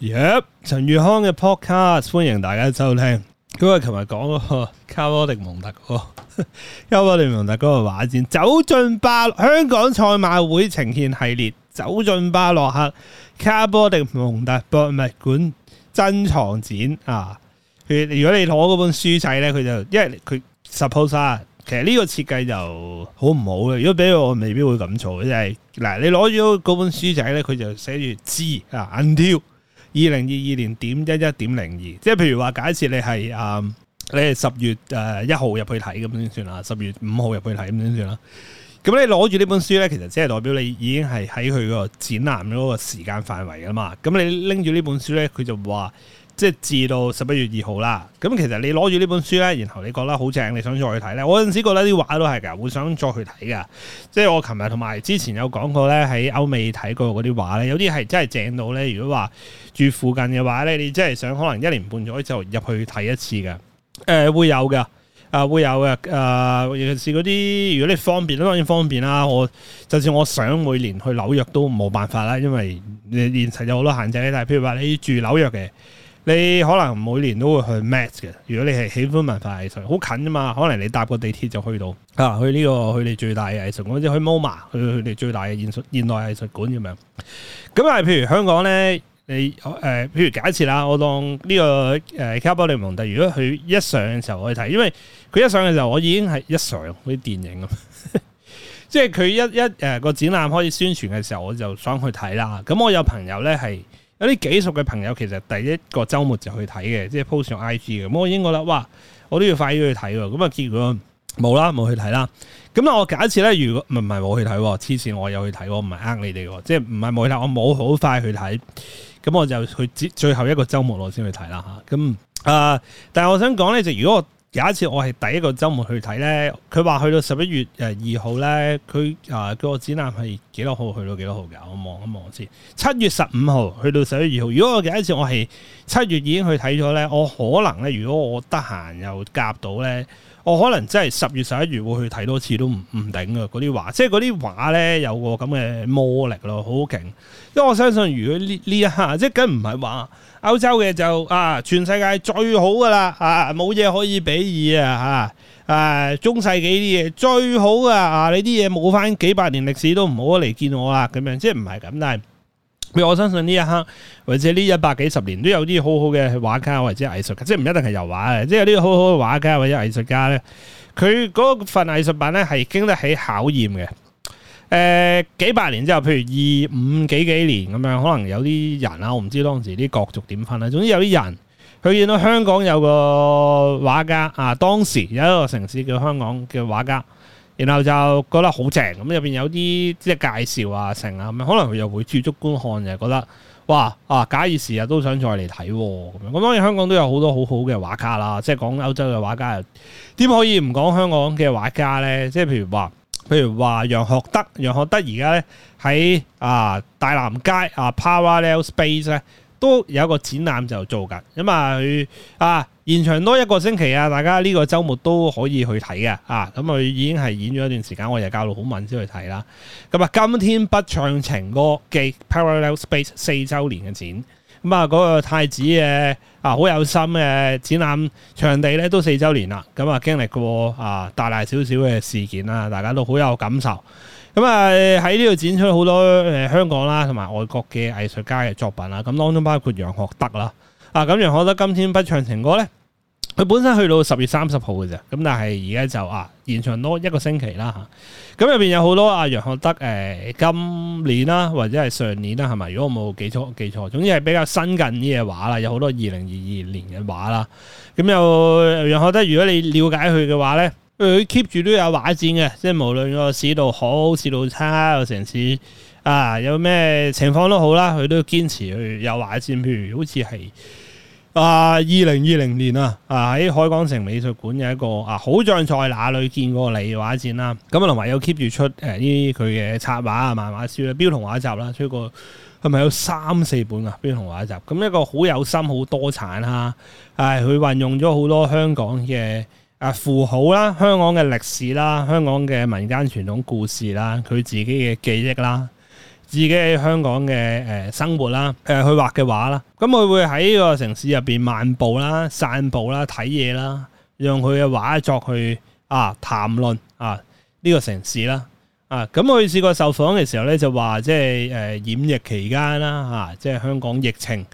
Yep, 陳宇康嘅 podcast，歡迎大家收聽。今日琴日講個卡波迪蒙特呵呵，卡波迪蒙特哥畫展，走進巴香港賽馬會呈現系列，走進巴洛克卡波迪蒙特博物館珍藏展啊。佢如果你攞嗰本書仔咧，佢就因為佢 suppose、啊、其實呢個設計就好唔好嘅。如果俾我，我未必會咁做，即係嗱，你攞咗嗰本書仔咧，佢就寫住「知」。啊，until 二零二二年點一一點零二，即係譬如話假設你係誒、呃、你係十月誒一號入去睇咁先算啦，十月五號入去睇咁先算啦。咁你攞住呢本書咧，其實只係代表你已經係喺佢個展覽嗰個時間範圍噶嘛。咁你拎住呢本書咧，佢就話。即係至到十一月二號啦，咁其實你攞住呢本書呢，然後你覺得好正，你想再去睇呢？我嗰陣時覺得啲畫都係㗎，會想再去睇㗎。即係我琴日同埋之前有講過呢，喺歐美睇過嗰啲畫呢，有啲係真係正到呢。如果話住附近嘅話呢，你真係想可能一年半載就入去睇一次嘅。誒、呃、會有嘅，啊、呃、會有嘅、呃，尤其是嗰啲如果你方便咧，當然方便啦。我就算我想每年去紐約都冇辦法啦，因為現實有好多限制。但係譬如話你住紐約嘅。你可能每年都會去 Match 嘅，如果你係喜歡文化藝術，好近啊嘛，可能你搭個地鐵就到，啊、去到、這個、去呢個佢哋最大嘅藝術館，或者去 MoMA，去佢哋最大嘅現代藝術館咁樣。咁啊，譬如香港咧，你、呃、譬如假設啦，我當呢、這個誒、呃、卡波里蒙蒂，如果佢一上嘅時候我去睇，因為佢一上嘅時候，我已經係一上嗰啲電影咁，即係佢一一誒、呃，那個展覽開始宣傳嘅時候，我就想去睇啦。咁我有朋友咧係。是有啲幾熟嘅朋友其實第一個週末就去睇嘅，即係 post 上 IG 嘅，咁我已經覺得哇，我都要快啲去睇喎，咁啊結果冇啦，冇去睇啦。咁啊我假設咧，如果唔唔係冇去睇，黐線我有去睇，我唔係呃你哋喎，即係唔係冇去睇，我冇好快去睇，咁我就去接最後一個週末我先去睇啦嚇。咁啊、呃，但係我想講咧就如果我。有一次我係第一個周末去睇呢，佢話去到十一月誒二號呢，佢啊，個展覽係幾多號去到幾多號嘅？我望一望先。七月十五號去到十一月二號。如果我有一次我係七月已經去睇咗呢，我可能呢，如果我得閒又夾到呢。我可能真係十月十一月會去睇多次都唔唔頂啊！嗰啲畫即係嗰啲畫呢，有個咁嘅魔力咯，好勁。因為我相信如果呢呢一下，即係梗唔係話歐洲嘅就啊全世界最好噶啦啊，冇嘢可以比擬啊啊誒中世紀啲嘢最好㗎，啊，你啲嘢冇翻幾百年歷史都唔好嚟見我啦咁樣，即係唔係咁，但係。譬我相信呢一刻，或者呢一百幾十年都有啲好好嘅畫家或者藝術家，即係唔一定係油畫嘅，即係有啲好好嘅畫家或者藝術家咧，佢嗰份藝術品咧係經得起考驗嘅。誒、呃、幾百年之後，譬如二五幾幾年咁樣，可能有啲人啊，我唔知當時啲國族點分啦。總之有啲人，佢見到香港有個畫家啊，當時有一個城市叫香港嘅畫家。然後就覺得好正咁，入邊有啲即係介紹啊、成啊咁樣，可能佢又會駐足觀看，就覺得哇啊！假以時日都想再嚟睇喎咁樣。咁當然香港都有好多好好嘅畫家啦，即係講歐洲嘅畫家，又點可以唔講香港嘅畫家咧？即係譬如話，譬如話楊學德，楊學德而家咧喺啊大南街啊 Parallel Space 咧都有一個展覽就做㗎咁啊啊！延長多一個星期啊！大家呢個週末都可以去睇嘅啊！咁啊已經係演咗一段時間，我又教到好慢先去睇啦。咁啊，今天不唱情歌嘅 Parallel Space 四週年嘅展，咁啊嗰個太子嘅啊好有心嘅展覽場地咧都四週年啦。咁啊經歷過啊大大小小嘅事件啦，大家都好有感受。咁啊喺呢度展出好多誒香港啦同埋外國嘅藝術家嘅作品啦。咁當中包括楊學德啦。啊！咁楊學德今天不唱情歌咧，佢本身去到十月三十號嘅啫，咁但係而家就啊延長多一個星期啦嚇。咁入面有好多阿、啊、楊學德、呃、今年啦，或者係上年啦，係咪？如果我冇記錯記錯，總之係比較新近啲嘅畫啦，有好多二零二二年嘅畫啦。咁又楊學德，如果你了解佢嘅話咧，佢 keep 住都有畫展嘅，即係無論個市道好市道差，甚至。啊！有咩情況都好啦，佢都要堅持去有畫展。譬如好似係啊，二零二零年啊，啊喺海港城美術館有一個啊，好像在哪裏見過你畫展啦。咁啊，同埋有 keep 住出誒呢？佢嘅插畫啊、漫畫書啦、標同畫集啦，出過佢咪有三四本啊標同畫集。咁一個好有心、好多產啊。佢、啊、運用咗好多香港嘅啊符號啦、香港嘅歷史啦、香港嘅民間傳統故事啦、佢自己嘅記憶啦。自己喺香港嘅誒生活啦，誒、呃、去畫嘅畫啦，咁佢會喺呢個城市入邊漫步啦、散步啦、睇嘢啦，用佢嘅畫作去啊談論啊呢、這個城市啦，啊咁佢試過受訪嘅時候咧就話即係誒、呃、染疫期間啦，啊即係香港疫情，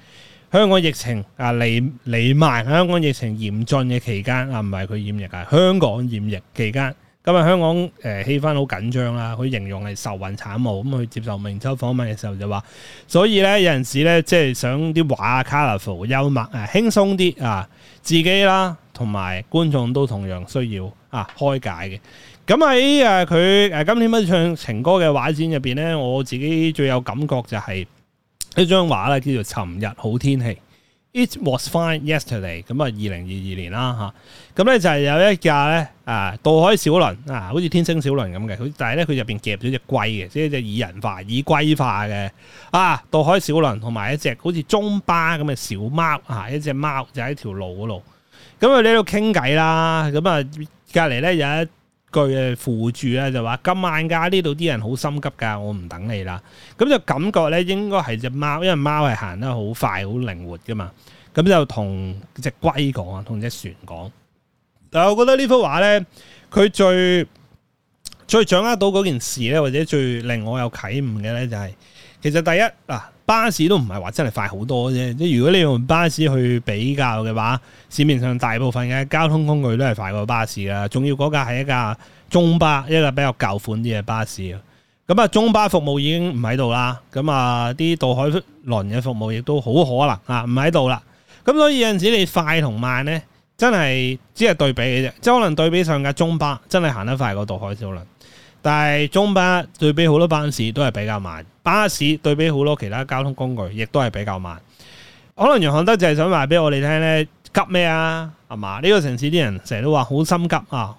香港疫情啊瀰瀰漫，香港疫情嚴峻嘅期間啊，唔係佢染疫啊，香港染疫期間。咁啊，香港誒、呃、氣氛好緊張啊，佢形容係愁雲慘霧，咁佢接受明周訪問嘅時候就話，所以咧有陣時咧即係想啲畫 colorful 幽默誒輕鬆啲啊，自己啦同埋觀眾都同樣需要啊開解嘅。咁喺佢今天不唱情歌嘅畫展入面咧，我自己最有感覺就係一張畫呢叫做《尋日好天氣》。It was fine yesterday 2022。咁啊，二零二二年啦嚇，咁咧就係有一架咧啊，渡海小輪啊，好似天星小輪咁嘅。佢但係咧，佢入邊夾咗隻龜嘅，即係隻擬人化、擬龜化嘅啊。渡海小輪同埋一隻好似中巴咁嘅小貓啊，一隻貓就喺、是、條路嗰度。咁佢呢度傾偈啦。咁啊，隔離咧有一句誒，扶住啊，就話今晚㗎，呢度啲人好心急㗎，我唔等你啦。咁就感覺咧，應該係隻貓，因為貓係行得好快、好靈活㗎嘛。咁就同隻龜講啊，同隻船講。但、呃、我覺得呢幅畫咧，佢最最掌握到嗰件事咧，或者最令我有啟悟嘅咧、就係，就係其實第一嗱。啊巴士都唔係話真係快好多啫，如果你用巴士去比較嘅話，市面上大部分嘅交通工具都係快過巴士啦。仲要嗰架係一架中巴，一個比較舊款啲嘅巴士。咁啊，中巴服務已經唔喺度啦。咁啊，啲渡海輪嘅服務亦都好可能啊，唔喺度啦。咁所以有陣時你快同慢呢，真係只係對比嘅啫。即係可能對比上架中巴真係行得快過渡海小輪，但係中巴對比好多巴士都係比較慢。巴、啊、士對比好多其他交通工具，亦都係比較慢。可能楊漢德就係想話俾我哋聽呢，急咩啊？係、啊、嘛？呢、這個城市啲人成日都話好心急啊，好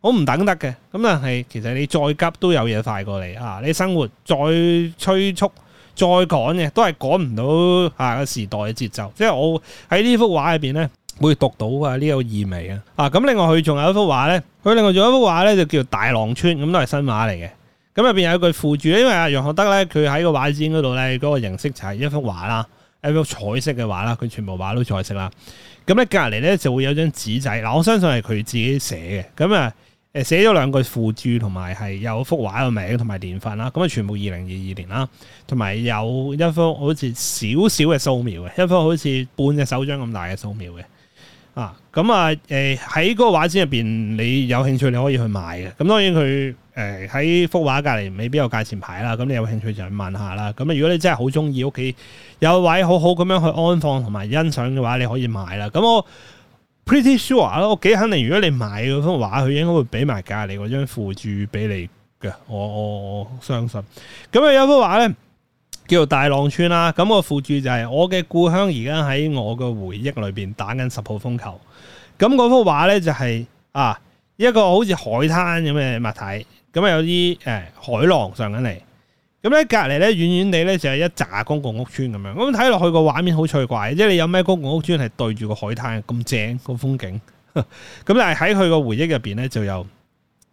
好唔等得嘅。咁呢，係，其實你再急都有嘢快過你啊！你生活再催促、再趕嘅，都係趕唔到啊個時代嘅節奏。即、就、係、是、我喺呢幅畫入邊呢，會讀到啊呢、這個意味啊。啊咁，另外佢仲有一幅畫呢，佢另外仲有一幅畫呢，就叫大浪村，咁都係新畫嚟嘅。咁入邊有一句附註咧，因為阿楊學德咧，佢喺個畫展嗰度咧，嗰個形式就係一幅畫啦，一幅彩色嘅畫啦，佢全部畫都彩色啦。咁咧隔籬咧就會有張紙仔，嗱，我相信係佢自己寫嘅。咁啊，誒寫咗兩句附註，同埋係有幅畫嘅名同埋年份啦。咁啊，全部二零二二年啦，同埋有一幅好似少少嘅素描嘅，一幅好似半隻手掌咁大嘅素描嘅。啊，咁啊，誒喺嗰個畫展入邊，你有興趣你可以去買嘅。咁當然佢。誒、欸、喺幅畫隔離未必有價錢牌啦，咁你有興趣就去問下啦。咁如果你真係好中意，屋企有位好好咁樣去安放同埋欣賞嘅話，你可以買啦。咁我 pretty sure 咯，我幾肯定。如果你買嗰幅畫，佢應該會俾埋隔離嗰張附註俾你嘅。我我我相信。咁啊，有幅畫咧叫做大浪村啦。咁、個附註就係、是、我嘅故鄉，而家喺我嘅回憶裏邊打緊十號風球。咁嗰幅畫咧就係、是、啊一個好似海灘咁嘅物體。咁、嗯、啊有啲、哎、海浪上緊嚟，咁咧隔離咧遠遠地咧就係一紮公共屋邨咁樣，咁睇落去個畫面好趣怪，即、就、係、是、你有咩公共屋邨係對住個海灘咁正個風景，咁、嗯、但係喺佢個回憶入邊咧就有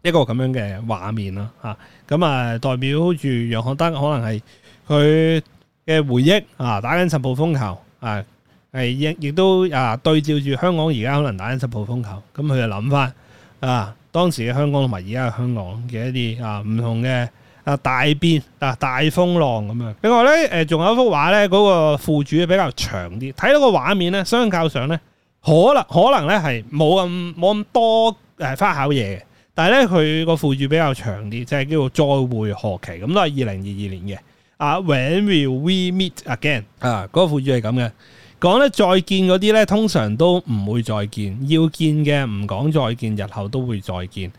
一個咁樣嘅畫面啦，咁啊、嗯呃、代表住楊學德可能係佢嘅回憶啊，打緊十號風球啊，係亦亦都啊對照住香港而家可能打緊十號風球，咁、嗯、佢就諗翻。啊，當時嘅香港同埋而家嘅香港嘅一啲啊唔同嘅啊大變啊大風浪咁樣。另外咧誒，仲、呃、有一幅畫咧，嗰、那個副主比較長啲。睇到個畫面咧，相較上咧，可能可能咧係冇咁冇咁多誒花巧嘢，嘅、啊。但係咧佢個副主比較長啲，即、就、係、是、叫做再會何期咁都係二零二二年嘅。啊，When will we meet again？啊，嗰、那個副主係咁嘅。講得再見嗰啲呢，通常都唔會再見。要見嘅唔講再見，日後都會再見。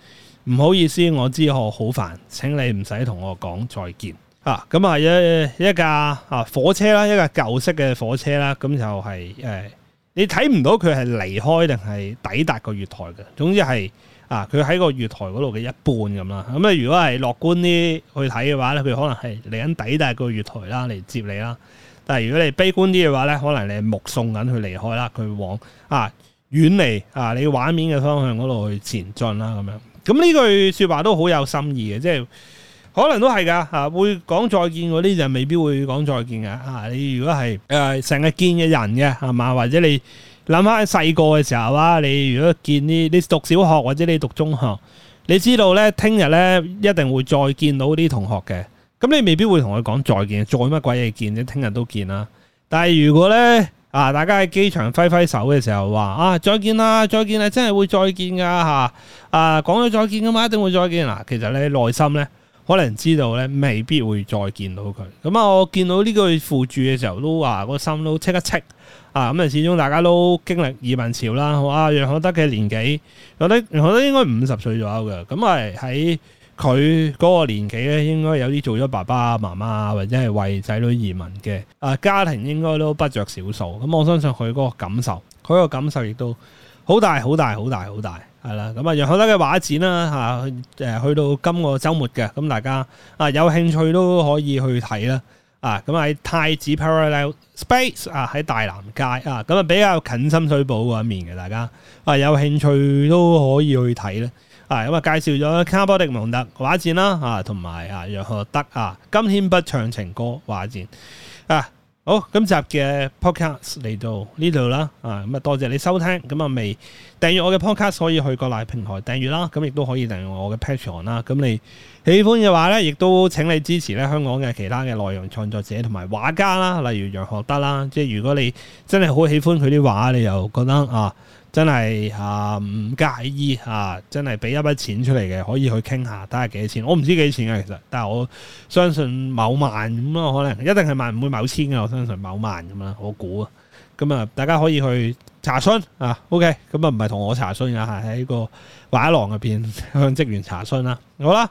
唔好意思，我知我好煩，請你唔使同我講再見。啊，咁啊一一架啊火車啦，一架舊式嘅火車啦，咁就係、是、誒，你睇唔到佢係離開定係抵達個月台嘅。總之係啊，佢喺個月台嗰度嘅一半咁啦。咁啊，如果係樂觀啲去睇嘅話呢，佢可能係嚟緊抵達個月台啦，嚟接你啦。但如果你悲觀啲嘅話咧，可能你目送緊佢離開啦，佢往啊遠離啊你畫面嘅方向嗰度去前進啦咁樣，咁呢句說話都好有心意嘅，即係可能都係噶嚇，會講再見嗰啲就未必會講再見嘅嚇、啊。你如果係誒成日見嘅人嘅係嘛，或者你諗翻細個嘅時候啦，你如果見啲你，你讀小學或者你讀中學，你知道咧聽日咧一定會再見到啲同學嘅。咁你未必會同佢講再見，再乜鬼嘢見？你聽日都見啦。但係如果咧啊，大家喺機場揮揮手嘅時候話啊，再見啦，再見啦，真係會再見噶嚇啊，啊！講咗再見噶嘛，一定會再見啦。其實你內心咧，可能知道咧，未必會再見到佢。咁啊，我見到呢句附注嘅時候，都話個心都戚一戚啊。咁啊，始終大家都經歷移民潮啦，好啊。楊學德嘅年紀，我覺得楊學德應該五十歲左右嘅。咁係喺。佢嗰個年紀咧，應該有啲做咗爸爸啊媽媽啊，或者係為仔女移民嘅，啊家庭應該都不著少數。咁我相信佢嗰個感受，佢個感受亦都好大、好大、好大、好大，係啦。咁啊楊學德嘅畫展啦，吓，誒去到今個周末嘅，咁大家啊有興趣都可以去睇啦。啊，咁喺太子 Parallel Space 啊喺大南街啊，咁啊比較近深水埗嗰一面嘅，大家啊有興趣都可以去睇咧。啊咁啊介紹咗卡波迪蒙特畫展啦啊，同埋啊楊學德啊，今天不唱情歌畫展啊，好，今集嘅 podcast 嚟到呢度啦，啊咁，啊多謝你收聽，咁啊未訂閱我嘅 podcast 可以去個哪平台訂閱啦，咁亦都可以訂閱我嘅 Patreon 啦，咁你。喜歡嘅話咧，亦都請你支持咧香港嘅其他嘅內容創作者同埋畫家啦，例如楊學德啦。即係如果你真係好喜歡佢啲畫，你又覺得啊，真係啊唔介意啊，真係俾一筆錢出嚟嘅，可以去傾下，睇下幾多錢。我唔知幾多錢啊其實，但係我相信某萬咁咯，可能一定係萬，唔會某千嘅。我相信某萬咁啦，我估啊，咁啊，大家可以去查詢啊。OK，咁啊，唔係同我查詢啊，係喺個畫廊入邊向職員查詢啦。好啦。